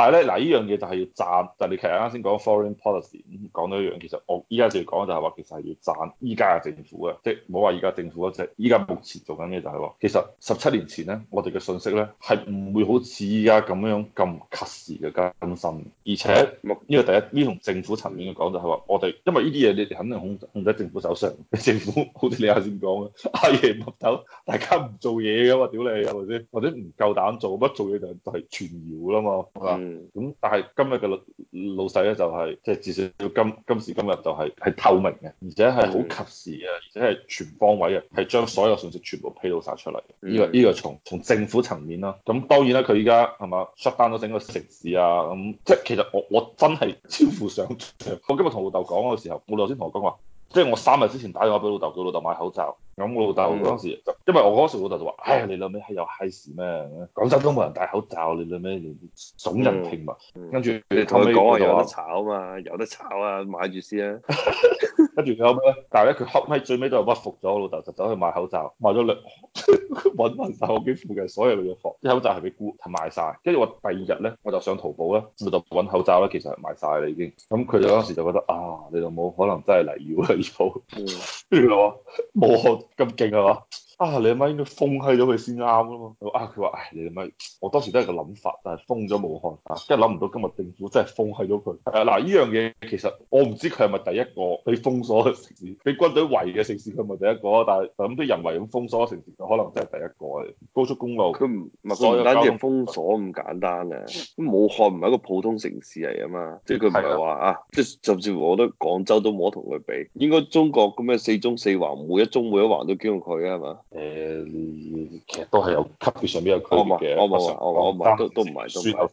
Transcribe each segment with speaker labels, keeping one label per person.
Speaker 1: 但係咧，嗱依樣嘢就係要讚。但係你其實啱先講 foreign policy，講、嗯、到一樣，其實我依家就要講就係話，其實係要讚依家嘅政府啊，即唔好話依家政府啊，嗰隻。依家目前做緊嘅就係話，其實十七年前咧，我哋嘅信息咧係唔會好似依家咁樣咁及時嘅更新。而且，呢個、嗯、第一，呢同政府層面嘅講就係話，我哋因為呢啲嘢，你哋肯定控控制政府手上。政府好似你啱先講嘅，阿爺乜走，大家唔做嘢嘅嘛，屌你係咪先？或者唔夠膽做，乜做嘢就係傳謠啦嘛。咁、嗯、但係今日嘅老老細咧，就係即係至少到今今時今日、就是，就係係透明嘅，而且係好及時嘅，而且係全方位嘅，係、嗯、將所有信息全部披露晒出嚟。呢、嗯這個呢、這個從從政府層面啦，咁當然啦，佢依家係嘛 shut down 咗整個城市啊，咁即係其實我我真係超乎想象。我今日同老豆講嗰個時候，我頭先同我講話，即係我三日之前打電話俾老豆，叫老豆買口罩，咁我老豆嗰陣時、嗯。嗯因為我嗰時老豆就話：哎呀，你老咩係有閪事咩？廣州都冇人戴口罩，你老咩？嗯嗯、著你聳人聽聞，跟住佢哋同你講啊，有得炒嘛，有得炒啊，買住先啊。跟住佢後尾，但係咧，佢合咪最尾都係屈服咗。老豆就走去買口罩，買咗兩揾揾曬我屋企附近所有嘅房，口罩係咪沽同賣晒。跟住我第二日咧，我就上淘寶啦，咪就揾口罩啦。其實賣晒啦已經。咁佢哋當時就覺得啊，你老母可能真係嚟要啊！呢鋪跟住話冇可咁勁啊！ 啊！你阿媽應該封閪咗佢先啱咯。佢話：啊，佢話，唉、哎，你阿媽，我當時都係個諗法，但係封咗武漢啊，即係諗唔到今日政府真係封閪咗佢。嗱，呢樣嘢其實我唔知佢係咪第一個被封鎖嘅城市，被軍隊圍嘅城市，佢咪第一個。但係咁啲人為咁封鎖城市，可能就係第一個。高速公路佢唔唔係單止係封鎖咁簡單嘅、啊。武漢唔係一個普通城市嚟啊嘛，即係佢唔係話啊，即係甚至乎我覺得廣州都冇得同佢比。應該中國咁嘅四縱四橫，每一縱每一橫都叫佢嘅係嘛？誒、嗯，其實都係有級別上邊有區別嘅，我唔，我我唔係，都都唔係算，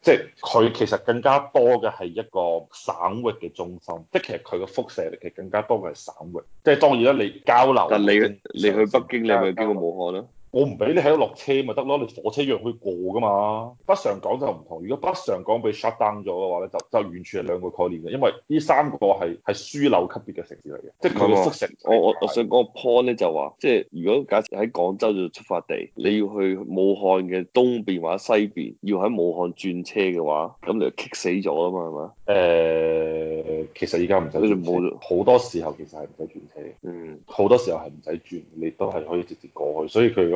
Speaker 1: 即係佢其實更加多嘅係一個省域嘅中心，即係其實佢嘅輻射力其實更加多嘅係省域，即係當然啦，你交流，但你你去北京，交流，你咪經過武漢咯。我唔俾你喺度落車咪得咯，你火車一樣去過噶嘛？北上港就唔同，如果北上港被 shutdown 咗嘅話咧，就就完全係兩個概念嘅，因為呢三個係係樞紐級別嘅城市嚟嘅，即係佢嘅縮成。我我的我想講個 point 咧、就是，就話即係如果假設喺廣州就出發地，你要去武漢嘅東邊或者西邊，要喺武漢轉車嘅話，咁你就棘死咗啊嘛，係嘛？誒、呃，其實而家唔使，好多時候其實係唔使轉車嘅，嗯，好多時候係唔使轉，你都係可以直接過去，所以佢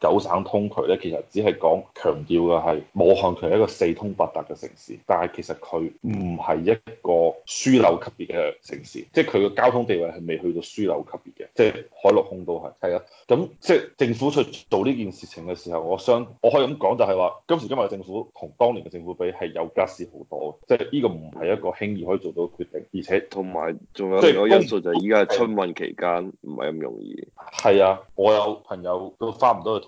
Speaker 1: 九省通渠咧，其實只係講強調嘅係武漢，佢係一個四通八達嘅城市，但係其實佢唔係一個樞紐級別嘅城市，即係佢嘅交通地位係未去到樞紐級別嘅，即係海陸空都係係啊。咁即係政府去做呢件事情嘅時候，我相我可以咁講就係話，今時今日嘅政府同當年嘅政府比係有加事好多。即係呢個唔係一個輕易可以做到決定，而且同埋仲有另一個因素就係依家係春運期間，唔係咁容易。係啊，我有朋友都返唔到去。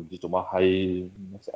Speaker 1: 唔知做乜係，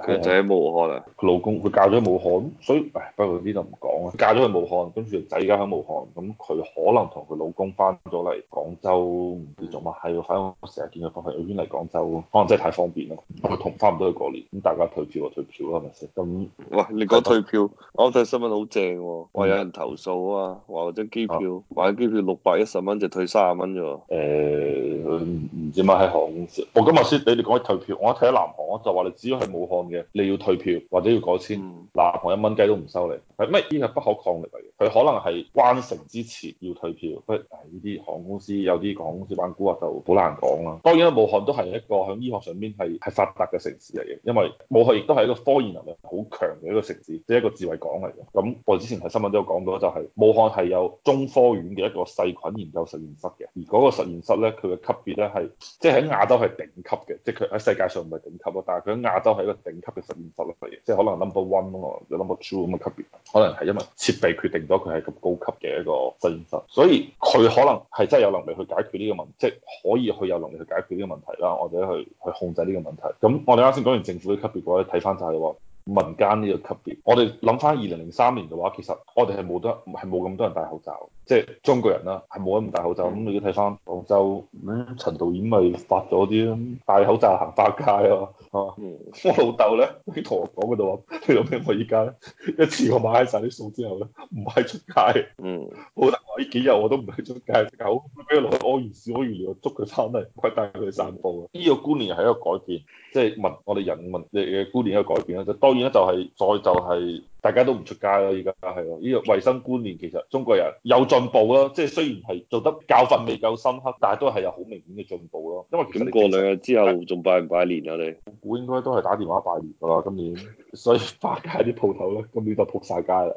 Speaker 2: 佢仔喺武
Speaker 1: 漢啦。佢老公佢嫁咗喺武漢，所以唉，不過呢度唔講啊。嫁咗去武漢，跟住個仔而家喺武漢，咁佢可能同佢老公翻咗嚟廣州，唔知做乜係，反正我成日見佢翻朋友圈嚟廣州，可能真係太方便啦。佢同翻唔到去過年，咁大家退票啊退票啦，係咪先？咁喂，你講退票，我睇新聞好正喎，話有人投訴啊，話張機票，話機票六百一十蚊就退卅蚊啫喎。誒，佢唔知乜喺航空公司。我今日先畀你哋講退票，我睇。南航啊，就話你只要係武漢嘅，你要退票或者要改簽，嗯、南航一蚊雞都唔收你。係咩？呢個不可抗力嚟。佢可能係關城之前要退票，不呢啲航空公司有啲港公司玩蠱惑啊，就好難講啦。當然啦，武漢都係一個喺醫學上邊係係發達嘅城市嚟嘅，因為武漢亦都係一個科研能力好強嘅一個城市，即係一個智慧港嚟嘅。咁我之前喺新聞都有講到，就係武漢係有中科院嘅一個細菌研究實驗室嘅，而嗰個實驗室咧佢嘅級別咧係即係喺亞洲係頂級嘅，即係佢喺世界上唔係頂級咯，但係佢喺亞洲係一個頂級嘅實驗室嚟嘅，即係可能 number one 咯，number two 咁嘅級別，可能係因為設備決定。如果佢係咁高級嘅一個實驗室，所以佢可能係真係有能力去解決呢個問題，即係可以去有能力去解決呢個問題啦，我哋去去控制呢個問題。咁我哋啱先講完政府嘅級別嘅話，睇翻就係話民間呢個級別。我哋諗翻二零零三年嘅話，其實我哋係冇得，係冇咁多人戴口罩，即係中國人啦，係冇咁唔戴口罩。咁你要睇翻廣州，陳導演咪發咗啲戴口罩行花街咯、啊。哦、啊，我老豆咧喺同我講嗰度話，你諗下我而家咧一次我買晒啲數之後咧，唔係出，、嗯、出街，嗯，好得我呢幾日我都唔係出街，狗俾佢攞完屎屙完尿來捉佢翻嚟，我帶佢去散步，呢、嗯，這個觀念係一個改變，即係問我哋人民嘅觀念一個改變啦，就當然咧就係、是、再就係、是。大家都唔出街咯，而家係咯，呢個衞生觀念其實中國人有進步咯，即係雖然係做得教訓未夠深刻，但係都係有好明顯嘅進步咯。因為點過兩日之後仲拜唔拜年啊？你估應該都係打電話拜年噶啦，今年。所以花街啲鋪頭咧，今年都仆晒街啦。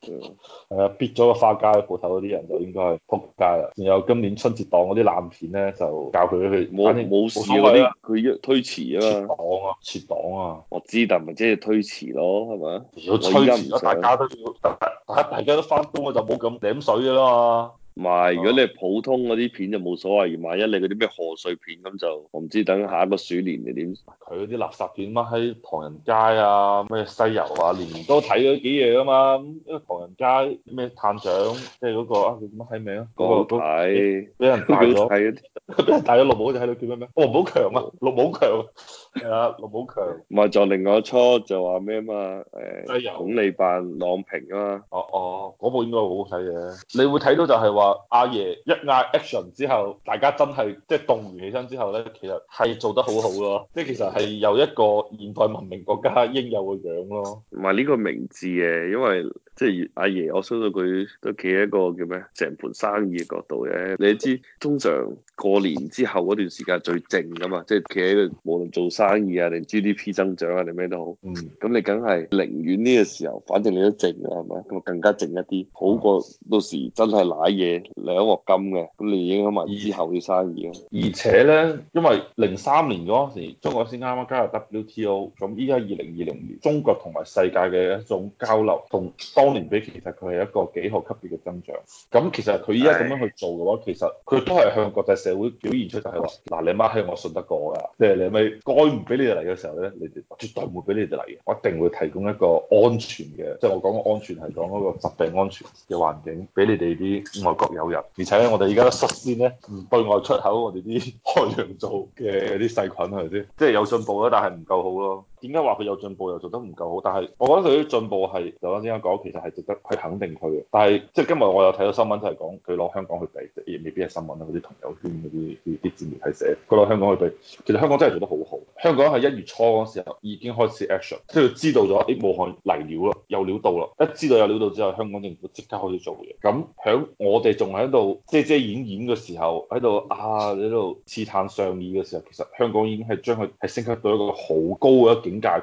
Speaker 1: 係啊，逼咗個花街鋪頭嗰啲人就應該係仆街啦。仲有今年春節檔嗰啲爛片咧，就教佢去，冇冇事啲，佢要推遲啊嘛。檔啊，檔啊。啊我知道，但係咪即係推遲咯？係咪啊？如果推遲，大家都要，大家都翻工，我就冇咁抌水啦嘛。同埋如果你係普通嗰啲片就冇所謂，而萬一你嗰啲咩賀歲片咁就，我唔知等下一個鼠年你點。佢嗰啲垃圾片，乜《喺唐人街》啊，《咩西遊》啊，年年都睇咗幾嘢啊嘛，家咩探長，即係嗰個啊，叫乜閪名啊？嗰底個都係俾人帶咗，俾底人帶咗綠帽嗰隻喺度叫咩咩？王寶強啊，王寶強啊，王寶強。唔係就另外一齣就話咩啊？嘛、啊？誒鞏俐扮郎平啊，哦哦，嗰、啊、部應該好好睇嘅。你會睇到就係話阿爺一嗌 action 之後，大家真係即係動完起身之後咧，其實係做得好好咯。即係其實係有一個現代文明國家應有嘅樣咯。唔係呢個名字嘅，因為即係、啊嘢，我相信佢都企喺一個叫咩？成盤生意嘅角度嘅，你知通常過年之後嗰段時間最靜噶嘛？即係企喺度，無論做生意啊，定 GDP 增長啊，定咩都好，咁、嗯、你梗係寧願呢個時候，反正你都靜啊，係咪？咁啊更加靜一啲，好過到時真係瀨嘢兩鑊金嘅，咁你影響埋之後嘅生意咯。而且咧，因為零三年嗰陣時，中國先啱啱加入 WTO，咁依家二零二零年，中國同埋世界嘅一種交流，同當年比起，其實佢係一個幾何級別嘅增長，咁其實佢依家咁樣去做嘅話，其實佢都係向國際社會表現出就係話，嗱你媽係我信得過噶，即係你咪該唔俾你哋嚟嘅時候咧，你哋絕對唔會俾你哋嚟，我一定會提供一個安全嘅，即係我講嘅安全係講嗰個疾病安全嘅環境俾你哋啲外國友人，而且咧，我哋而家率先咧，對外出口我哋啲海洋造嘅啲細菌嚟先，即係有進步啦，但係唔夠好咯。點解話佢有進步又做得唔夠好？但係我覺得佢啲進步係頭先啱啱講，其實係值得去肯定佢嘅。但係即係今日我又睇到新聞，就係講佢攞香港去比，亦未必係新聞啦。嗰啲朋友圈嗰啲啲啲自媒體喺寫，佢攞香港去比。其實香港真係做得好好。香港係一月初嗰時候已經開始 action，即係知道咗，誒、欸，武漢嚟料咯，有料到啦。一知道有料到之後，香港政府即刻開始做嘢。咁響我哋仲喺度遮遮掩掩嘅時候，喺度啊喺度刺探上意嘅時候，其實香港已經係將佢係升級到一個好高嘅一點解？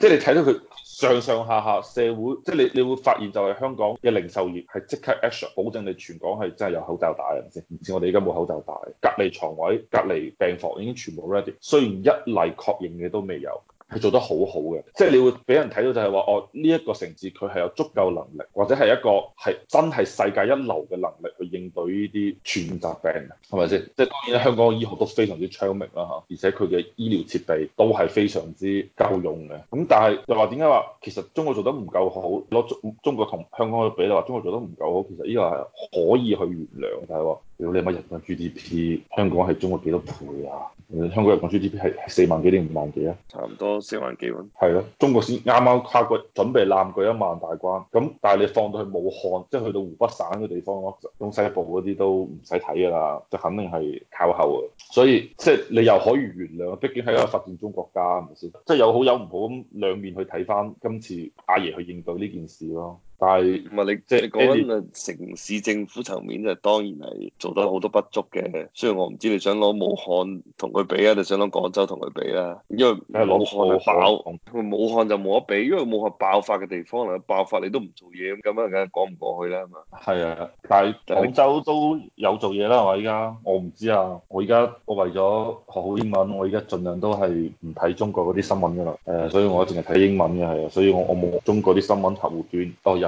Speaker 1: 即係你睇到佢上上下下社會，即係你你會發現就係香港嘅零售業係即刻 action，保證你全港係真係有口罩戴人先？唔似我哋而家冇口罩戴，隔離床位、隔離病房已經全部 ready。雖然一例確認嘅都未有，係做得好好嘅。即係你會俾人睇到就係話，哦，呢一個城市佢係有足夠能力，或者係一個係真係世界一流嘅能力。應對呢啲傳染病，係咪先？即係當然，香港嘅醫學都非常之昌明啦，嚇，而且佢嘅醫療設備都係非常之夠用嘅。咁但係就話點解話其實中國做得唔夠好？攞中中國同香港去比，你話中國做得唔夠好，其實呢個係可以去原諒，但係如果你乜日本 GDP，香港係中國幾多倍啊？香港人均 GDP 係四萬幾定五萬幾啊？差唔多四萬幾喎。係咯，中國先啱啱跨過準備攬過一萬大關。咁但係你放到去武漢，即係去到湖北省嘅地方咯，東西部嗰啲都唔使睇噶啦，就肯定係靠後啊。所以即係你又可以原諒，畢竟係一個發展中國家，係咪先？即係有好有唔好，兩面去睇翻今次阿爺去應對呢件事咯。但係唔係你即係講緊啊，城市政府層面就當然係做得好多不足嘅。雖然我唔知你想攞武漢同佢比啊，你想攞廣州同佢比啦、啊。因為攞漢爆，武漢就冇得比，因為武漢爆發嘅地方嚟，爆發你都唔做嘢咁樣，梗係講唔過去啦嘛。係啊，但係廣州都有做嘢啦，係嘛？依家我唔知啊。我而家我為咗學好英文，我而家盡量都係唔睇中國嗰啲新聞㗎啦。誒，所以我淨係睇英文嘅係啊，所以我我冇中國啲新聞客戶端。哦，有。